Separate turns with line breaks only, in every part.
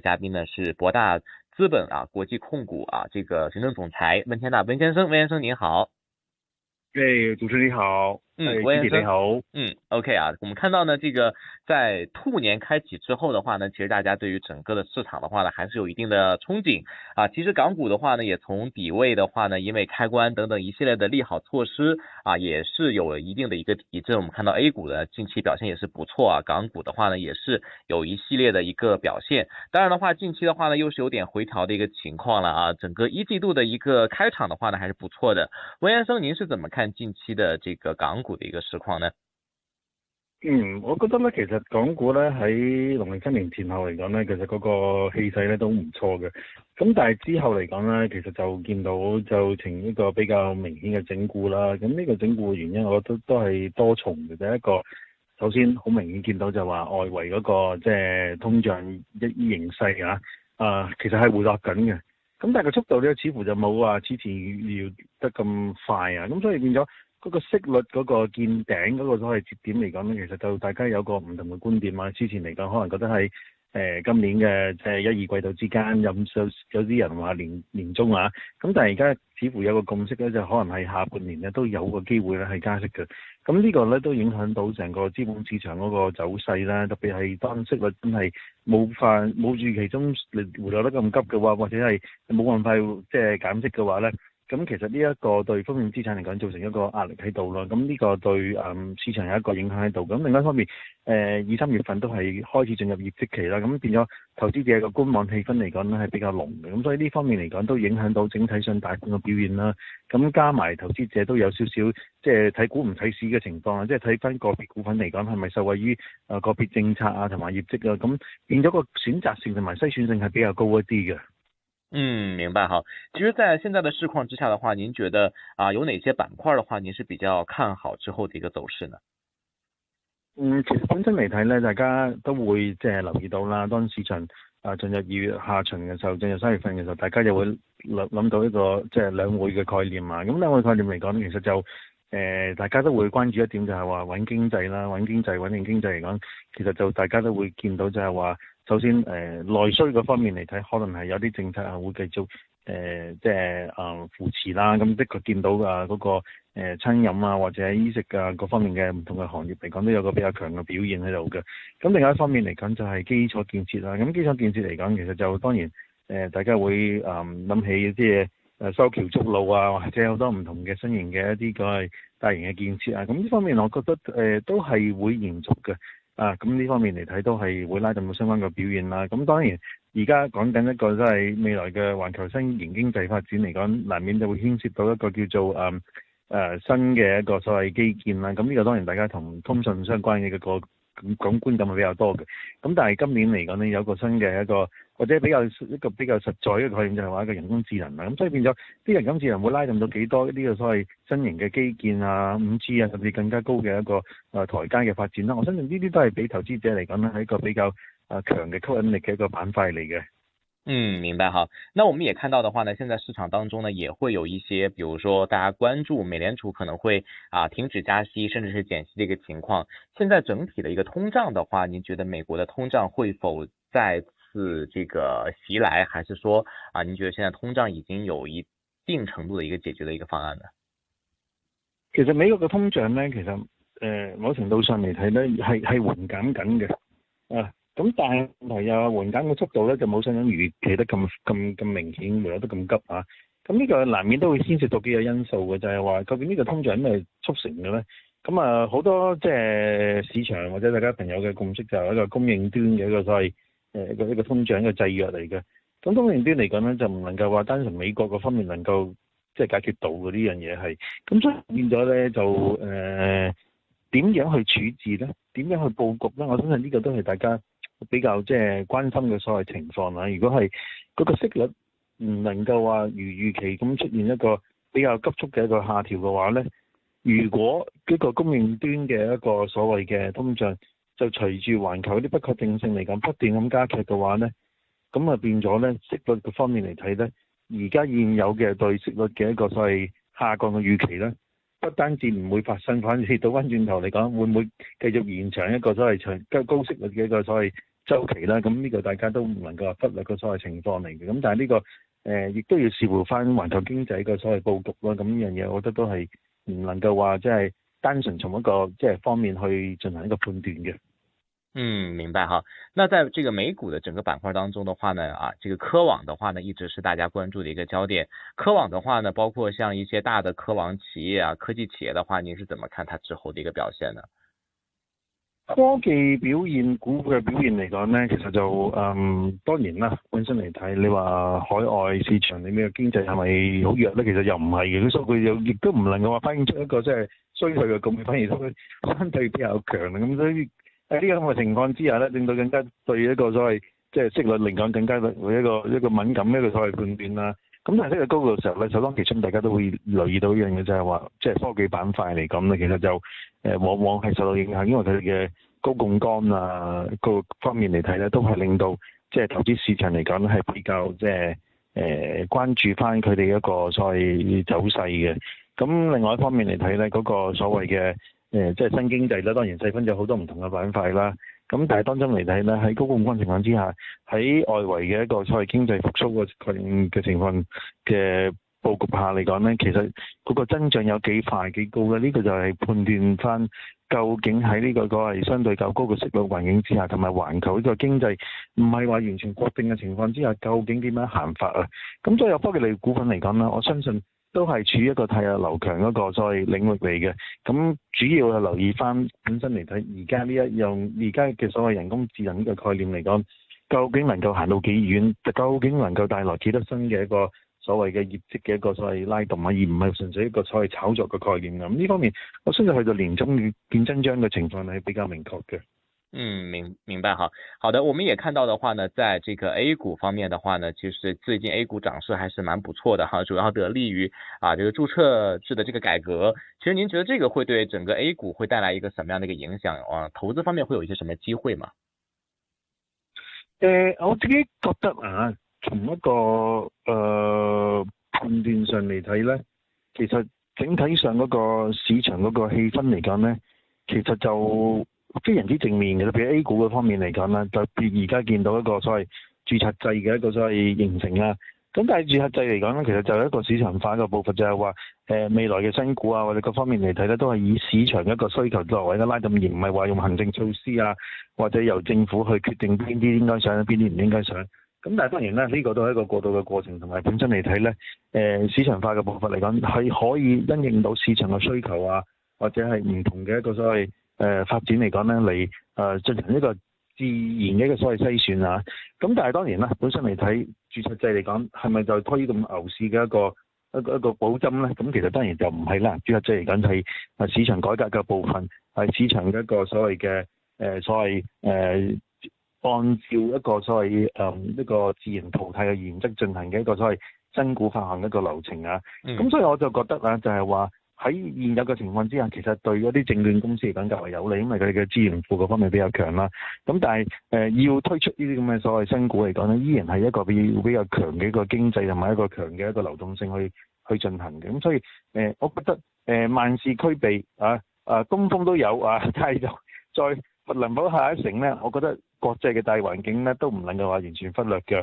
嘉賓呢是博大資本啊，國際控股啊，這個行政總裁溫天納溫先生，溫先生您好。對，主持人你好。嗯，溫先生，嗯，OK 啊，我們看到呢，這個在兔年開啟之後的話呢，其實大家對於整個的市場的話呢，還是有一定的憧憬啊。其實港股的話呢，也從底位的話呢，因為開關等等一系列的利好措施啊，也是有了一定的一個提振。我們看到 A 股的近期表現也是不錯啊，港股的話呢，也是有一系列的一個表現。當然的話，近期的話呢，又是有點回調的一個情況了啊。整個一季度的一個開場的話呢，還是不錯的。溫先生，您是怎麼看近期的這個港？股一個實況
呢？嗯，我覺得咧，其實港股咧喺農曆新年前後嚟講咧，其實嗰個氣勢咧都唔錯嘅。咁但係之後嚟講咧，其實就見到就呈一個比較明顯嘅整固啦。咁呢個整固嘅原因，我覺得都係多重嘅。第一個，首先好明顯見到就話外圍嗰個即係通脹一啲形勢啊，誒、啊，其實係回落緊嘅。咁但係個速度咧，似乎就冇話之前預料得咁快啊。咁所以變咗。嗰、那個息率嗰個見頂嗰個所謂節點嚟講咧，其實就大家有個唔同嘅觀點啊。之前嚟講，可能覺得係誒、呃、今年嘅即、就是、一二季度之間，有有啲人話年年中啊。咁但係而家似乎有個共識咧，就可能係下半年咧都有個機會咧係加息嘅。咁呢個咧都影響到成個資本市場嗰個走勢啦。特別係當息率真係冇法冇預期中嚟回落得咁急嘅話，或者係冇辦法即係、就是、減息嘅話咧。咁其實呢一個對風險資產嚟講，造成一個壓力喺度啦。咁呢個對誒、嗯、市場有一個影響喺度。咁另外一方面，誒二三月份都係開始進入業績期啦，咁變咗投資者個觀望氣氛嚟講咧係比較濃嘅，咁所以呢方面嚟講都影響到整體上大盤嘅表現啦。咁加埋投資者都有少少即係睇股唔睇市嘅情況啦，即係睇翻個別股份嚟講係咪受惠於誒個別政策啊同埋業績啊，咁變咗個選擇性同埋篩選性係比較高一啲嘅。
嗯，明白，好，其實，在現在的市況之下的話，您覺得啊，有哪些板塊的話，您是比較看好之後的一個走勢呢？
嗯，其實本身嚟睇咧，大家都會即係、就是、留意到啦。當市場啊進入二月下旬嘅時候，進入三月份嘅時候，大家就會諗諗到一個即係、就是、兩會嘅概念啊。咁、嗯、兩會概念嚟講，其實就誒、呃，大家都會關注一點，就係話穩經濟啦，穩經濟，穩定經濟嚟講，其實就大家都會見到就係話。首先，誒、呃、內需嗰方面嚟睇，可能係有啲政策係會繼續，誒、呃、即係啊、呃、扶持啦。咁的確見到噶嗰個誒餐飲啊，或者衣食啊各方面嘅唔同嘅行業嚟講，都有個比較強嘅表現喺度嘅。咁另外一方面嚟講，就係基礎建設啦。咁基礎建設嚟講，其實就當然誒、呃、大家會啊諗、呃、起啲嘢，誒修橋築路啊，或者好多唔同嘅新型嘅一啲咁嘅大型嘅建設啊。咁呢方面，我覺得誒、呃、都係會延續嘅。啊，咁呢方面嚟睇都係會拉近到相關嘅表現啦。咁當然而家講緊一個即係未來嘅環球新型經濟發展嚟講，難免就會牽涉到一個叫做誒、嗯呃、新嘅一個所謂基建啦。咁呢個當然大家同通訊相關嘅個感觀感係比較多嘅。咁但係今年嚟講呢有個新嘅一個。或者比較一個比較實在一個概念就係話一個人工智能啦，咁所以變咗啲人工智能會拉動到幾多呢個所謂新型嘅基建啊、五 G 啊甚至更加高嘅一個誒、呃、台階嘅發展啦、啊。我相信呢啲都係俾投資者嚟講係一個比較誒、呃、強嘅吸引力嘅一個板塊嚟嘅。
嗯，明白哈。那我們也看到的話呢，現在市場當中呢也會有一些，比如說大家關注美聯儲可能會啊停止加息，甚至是減息的一個情況。現在整體嘅一個通脹的話，您覺得美國嘅通脹會否在？是這個襲來，還是說啊？你覺得現在通脹已經有一定程度的一個解決的一個方案呢？
其實美國嘅通脹咧，其實誒、呃，某程度上嚟睇咧，係係緩減緊嘅啊。咁但係又係緩減嘅速度咧，就冇上緊預期得咁咁咁明顯，沒有得咁急啊。咁呢個難免都會牽涉到幾個因素嘅，就係、是、話究竟呢個通脹係咩促成嘅咧？咁啊，好多即係、就是、市場或者大家朋友嘅共識就係一個供應端嘅一個所謂誒個呢個通脹嘅制約嚟嘅，咁供應端嚟講咧，就唔能夠話單純美國嗰方面能夠即係解決到嘅，呢樣嘢係，咁所以變咗咧，就誒點樣去處置咧？點樣去佈局咧？我相信呢個都係大家比較即係關心嘅所謂情況啦。如果係嗰個息率唔能夠話如預期咁出現一個比較急速嘅一個下調嘅話咧，如果呢個供應端嘅一個所謂嘅通脹，就隨住環球啲不確定性嚟講，不斷咁加劇嘅話咧，咁啊變咗咧息率嘅方面嚟睇咧，而家現有嘅對息率嘅一個所謂下降嘅預期咧，不單止唔會發生，反而到翻轉頭嚟講，會唔會繼續延長一個所謂長高息率嘅一個所謂周期咧？咁呢個大家都唔能夠忽略嘅所謂情況嚟嘅。咁但係、這、呢個誒亦、呃、都要視乎翻環球經濟嘅所謂佈局咯。咁呢樣嘢我覺得都係唔能夠話即係。就是單純從一個即係方面去進行一個判斷嘅，
嗯，明白哈。那在這個美股的整個板塊當中的話呢，啊，這個科網的話呢，一直是大家關注的一個焦點。科網的話呢，包括像一些大的科網企業啊、科技企業的話，你是怎麼看它之後的一個表現呢？
科技表現，股票嘅表現嚟講呢，其實就嗯，當然啦，本身嚟睇，你話海外市場裏面嘅經濟係咪好弱呢？其實又唔係嘅，所以佢又亦都唔能夠話反映出一個即係。衰退嘅共惠反而都相對比較強，咁所以喺呢個咁嘅情況之下咧，令到更加對一個所謂即係息率嚟講更加會一個一個敏感一個所謂判斷啦。咁但係息率高嘅時候咧，首當其衝大家都會留意到一樣嘢就係話，即係科技板塊嚟講咧，其實就誒往往係受到影響，因為佢哋嘅高槓桿啊各方面嚟睇咧，都係令到即係投資市場嚟講咧係比較即係誒關注翻佢哋一個所謂走勢嘅。咁另外一方面嚟睇咧，嗰個所謂嘅誒，即係新經濟咧，當然細分咗好多唔同嘅板塊啦。咁但係當中嚟睇咧，喺高股價情況之下，喺外圍嘅一個所謂經濟復甦嘅嘅情況嘅佈局下嚟講咧，其實嗰個增長有幾快幾高嘅呢，呢個就係判斷翻究竟喺呢個所謂相對較高嘅息率環境之下，同埋環球呢個經濟唔係話完全確定嘅情況之下，究竟點樣行法啊？咁所以有科技類股份嚟講啦，我相信。都係處於一個太下流強嗰個所謂領域嚟嘅，咁主要係留意翻本身嚟睇，而家呢一樣而家嘅所謂人工智能嘅概念嚟講，究竟能夠行到幾遠？究竟能夠帶來幾多新嘅一個所謂嘅業績嘅一個所謂拉動啊？而唔係純粹一個所謂炒作嘅概念咁。呢方面，我相信去到年中見真章嘅情況係比較明確嘅。
嗯，明明白哈，好的，我們也看到的話呢，在這個 A 股方面的話呢，其實最近 A 股漲勢還是蠻不錯的哈，主要得利於啊，這個註冊制的這個改革。其實您覺得這個會對整個 A 股會帶來一個什麼樣的一個影響？啊，投資方面會有一些什麼機會嗎？誒、呃，我自己覺得
啊，從一個呃判斷上嚟睇呢，其實整體上嗰個市場嗰個氣氛嚟講呢，其實就。嗯非常之正面嘅，譬如 A 股嘅方面嚟講啦，特別而家見到一個所謂註冊制嘅一個所謂形成啦。咁但係註冊制嚟講呢，其實就係一個市場化嘅部分，就係、是、話、呃、未來嘅新股啊，或者各方面嚟睇呢，都係以市場一個需求作為一拉咁，而唔係話用行政措施啊，或者由政府去決定邊啲應該上，邊啲唔應該上。咁但係當然咧，呢、呢個都係一個過渡嘅過程，同埋本身嚟睇呢、呃，市場化嘅部分嚟講係可以因應到市場嘅需求啊，或者係唔同嘅一個所謂。誒、呃、發展嚟講咧，嚟誒、呃、進行一個自然嘅一個所謂篩選啊。咁但係當然啦，本身嚟睇註冊制嚟講，係咪就是推動牛市嘅一個一個一個補針咧？咁其實當然就唔係啦。註冊制嚟緊睇誒市場改革嘅部分，係市場嘅一個所謂嘅誒、呃、所謂誒、呃、按照一個所謂誒、呃、一個自然淘汰嘅原則進行嘅一個所謂新股發行嘅一個流程啊。咁、嗯、所以我就覺得啊，就係、是、話。喺現有嘅情況之下，其實對一啲證券公司嚟講較為有利，因為佢哋嘅資源庫各方面比較強啦。咁但係誒、呃、要推出呢啲咁嘅所謂新股嚟講咧，依然係一個比比較強嘅一個經濟同埋一個強嘅一個流動性去去進行嘅。咁所以誒、呃，我覺得誒、呃、萬事俱備啊，啊東風都有啊，但係就再能唔能保下一城咧？我覺得國際嘅大環境咧都唔能夠話完全忽略嘅。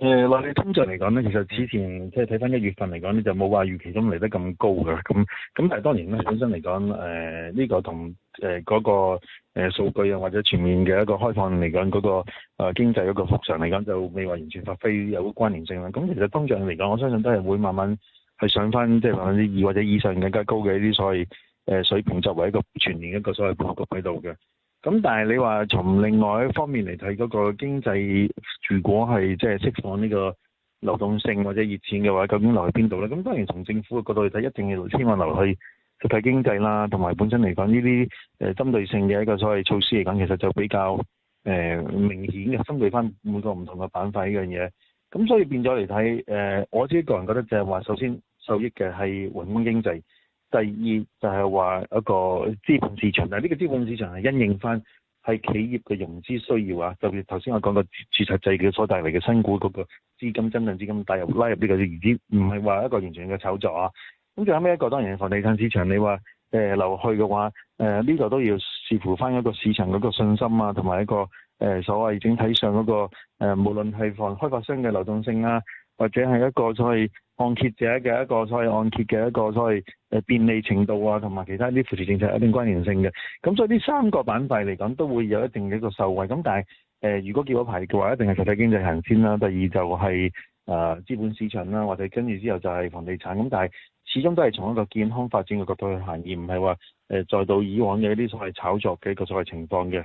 誒、呃，嗱，你通脹嚟講咧，其實此前即係睇翻一月份嚟講咧，就冇話預期咁嚟得咁高噶，咁咁但係當然咧，本身嚟講，誒、呃，呢、這個同誒嗰個誒數據啊，或者全面嘅一個開放嚟講，嗰、那個誒、呃、經濟一個復常嚟講，就未話完全發揮有關聯性啦。咁其實通脹嚟講，我相信都係會慢慢係上翻，即係百分之二或者以上更加高嘅一啲所謂誒、呃、水平，作為一個全年一個所謂布局喺度嘅。咁但係你話從另外一方面嚟睇，嗰個經濟如果係即係釋放呢個流動性或者熱錢嘅話，究竟流去邊度咧？咁當然從政府嘅角度嚟睇，一定要希望流去實體經濟啦，同埋本身嚟講呢啲誒針對性嘅一個所謂措施嚟講，其實就比較誒、呃、明顯嘅針對翻每個唔同嘅板塊呢樣嘢。咁所以變咗嚟睇，誒、呃、我自己個人覺得就係話，首先受益嘅係宏觀經濟。第二就係、是、話一個資本市場，但係呢個資本市場係因應翻係企業嘅融資需要啊。特別頭先我講個註冊制嘅所帶嚟嘅新股嗰、那個資金、增量資金帶入拉入呢、這個，而之唔係話一個完全嘅炒作啊。咁最後尾一個當然係房地產市場，你話誒、呃、流去嘅話，誒呢個都要視乎翻一個市場嗰個信心啊，同埋一個誒、呃、所謂整體上嗰個誒、呃，無論係房開發商嘅流動性啊，或者係一個所謂。按揭者嘅一個，所謂按揭嘅一個，所謂便利程度啊，同埋其他一啲扶持政策有一定關聯性嘅。咁所以呢三個板塊嚟講都會有一定嘅一個受惠。咁但係、呃、如果叫咗排嘅話，一定係實體經濟行先啦。第二就係、是、誒、呃、資本市場啦，或者跟住之後就係房地產。咁但係始終都係從一個健康發展嘅角度去行，而唔係話再到以往嘅一啲所謂炒作嘅一個所謂情況嘅。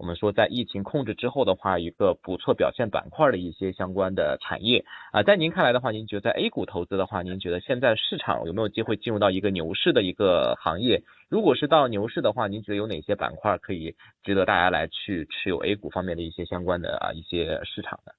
我們說，在疫情控制之後的話，一個不錯表現板塊的一些相關的產業啊，在您看來的話，您覺得在 A 股投資的話，您覺得現在市場有沒有機會進入到一個牛市的一個行業？如果是到牛市的話，您覺得有哪些板塊可以值得大家來去持有 A 股方面的一些相關的啊一些市場呢？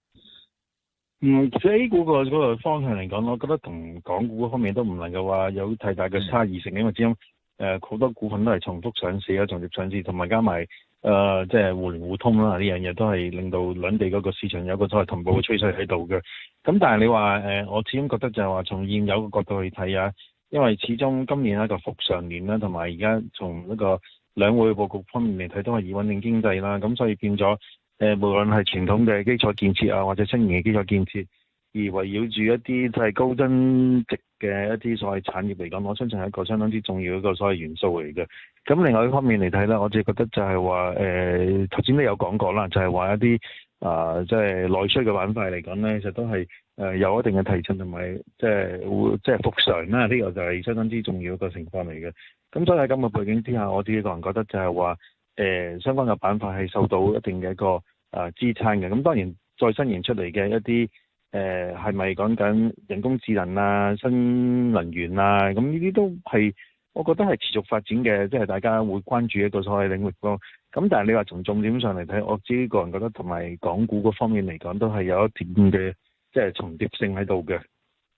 嗯，其
實 A 股個個方向嚟講，我覺得同港股方面都唔能夠話有太大嘅差異性，因為之中誒好多股份都係重複上市啊，重複上市，同埋加埋。誒、呃，即係互聯互通啦，呢樣嘢都係令到兩地嗰個市場有個所謂同步嘅趨勢喺度嘅。咁但係你話、呃、我始終覺得就係話從現有嘅角度去睇啊，因為始終今年一個復常年啦，同埋而家從呢個兩會嘅佈局方面嚟睇，都係以穩定經濟啦。咁所以變咗誒、呃，無論係傳統嘅基礎建設啊，或者新型嘅基礎建設。而圍繞住一啲即係高增值嘅一啲所謂產業嚟講，我相信係一個相當之重要一個所謂元素嚟嘅。咁另外一方面嚟睇咧，我自己覺得就係話誒頭先都有講過啦，就係話一啲啊即係內需嘅板塊嚟講咧，其實都係誒有一定嘅提振同埋即係會即係復常啦。呢個就係相當之重要一個情況嚟嘅。咁所以喺咁嘅背景之下，我自己個人覺得就係話誒相關嘅板塊係受到一定嘅一個啊支撐嘅。咁當然再新研出嚟嘅一啲。誒係咪講緊人工智能啊、新能源啊？咁呢啲都係我覺得係持續發展嘅，即係大家會關注一個所謂領域咯。咁但係你話從重點上嚟睇，我自己個人覺得同埋港股嗰方面嚟講，都係有一點嘅即係重疊性喺度嘅。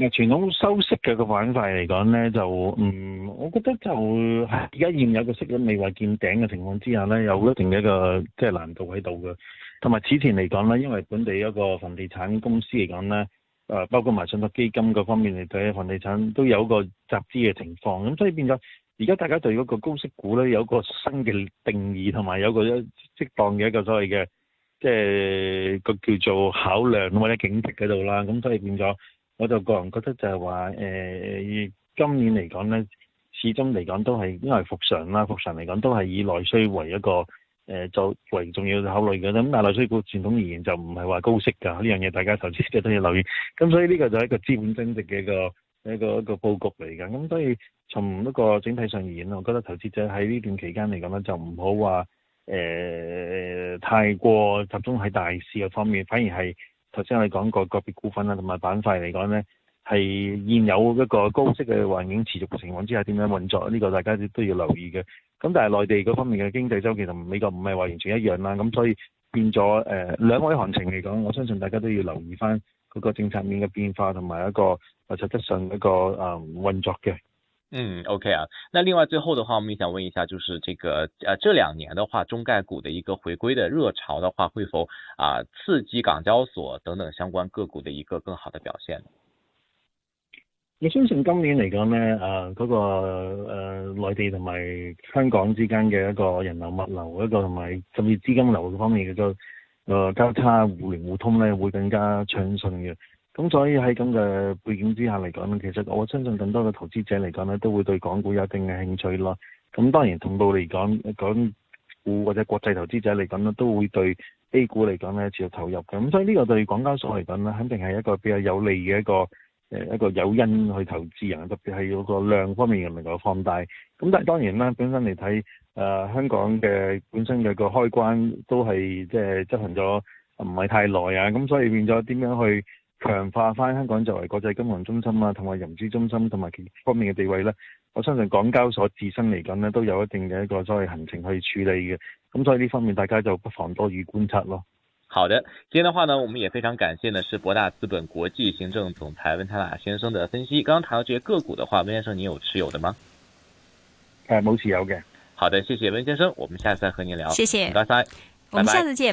誒傳統收息嘅個版塊嚟講咧，就嗯，我覺得就而家現，現有個息率未話見頂嘅情況之下咧，有一定嘅一個即係難度喺度嘅。同埋此前嚟講咧，因為本地一個房地產公司嚟講咧，誒、呃、包括埋信託基金嗰方面嚟睇，房地產都有個集資嘅情況，咁所以變咗而家大家對嗰個高息股咧有個新嘅定義，同埋有個一適當嘅一個所謂嘅即係個叫做考量或者警惕喺度啦，咁所以變咗。我就個人覺得就係話誒，呃、今年嚟講呢，始終嚟講都係因為復常啦，復常嚟講都係以內需為一個誒作、呃、為重要嘅考慮嘅。咁但係內需股傳統而言就唔係話高息㗎，呢樣嘢大家投資者都要留意。咁所以呢個就係一個資本增值嘅一個一個一個佈局嚟㗎。咁所以從一個整體上而言，我覺得投資者喺呢段期間嚟講呢，就唔好話誒太過集中喺大市嘅方面，反而係。頭先我哋講過個別股份啦，同埋板塊嚟講呢，係現有一個高息嘅環境持續嘅情況之下，點樣運作呢、呢個大家都要留意嘅。咁但係內地嗰方面嘅經濟周期同美國唔係話完全一樣啦，咁所以變咗誒、呃、兩位行情嚟講，我相信大家都要留意返嗰個政策面嘅變化同埋一個或實質上一個誒、嗯、運作嘅。
嗯，OK 啊，那另外最後的話，我們也想問一下，就是這個，呃、啊，這兩年的話，中概股的一個回歸的熱潮的話，會否啊刺激港交所等等相關個股的一個更好的表現？
我相信今年嚟講呢，誒、呃、嗰、那個呃內地同埋香港之間嘅一個人流、物流一個同埋甚至資金流嘅方面嘅個、就是呃、交叉互聯互通呢會更加暢順嘅。咁所以喺咁嘅背景之下嚟講咧，其實我相信更多嘅投資者嚟講咧，都會對港股有一定嘅興趣咯。咁當然同步嚟講港股或者國際投資者嚟講咧，都會對 A 股嚟講咧持續投入嘅。咁所以呢個對港交所嚟講咧，肯定係一個比較有利嘅一個誒一個誘因去投資人、啊，特別係嗰個量方面嘅能夠放大。咁但係當然啦，本身嚟睇誒香港嘅本身嘅個開關都係即係執行咗唔係太耐啊，咁所以變咗點樣去？強化翻香港作為國際金融中心啊，同埋融資中心同埋其他方面嘅地位呢。我相信港交所自身嚟講呢，都有一定嘅一個所謂行程去處理嘅，咁所以呢方面大家就不妨多予觀察咯。
好的，今天嘅話呢，我們也非常感謝呢，是博大資本國際行政總裁溫天納先生嘅分析。剛剛談到這些個股嘅話，温先生你有持有的嗎？
誒、啊，冇持有嘅。
好的，謝謝温先生，我們下次再和你聊。謝謝，拜拜，我們下次見。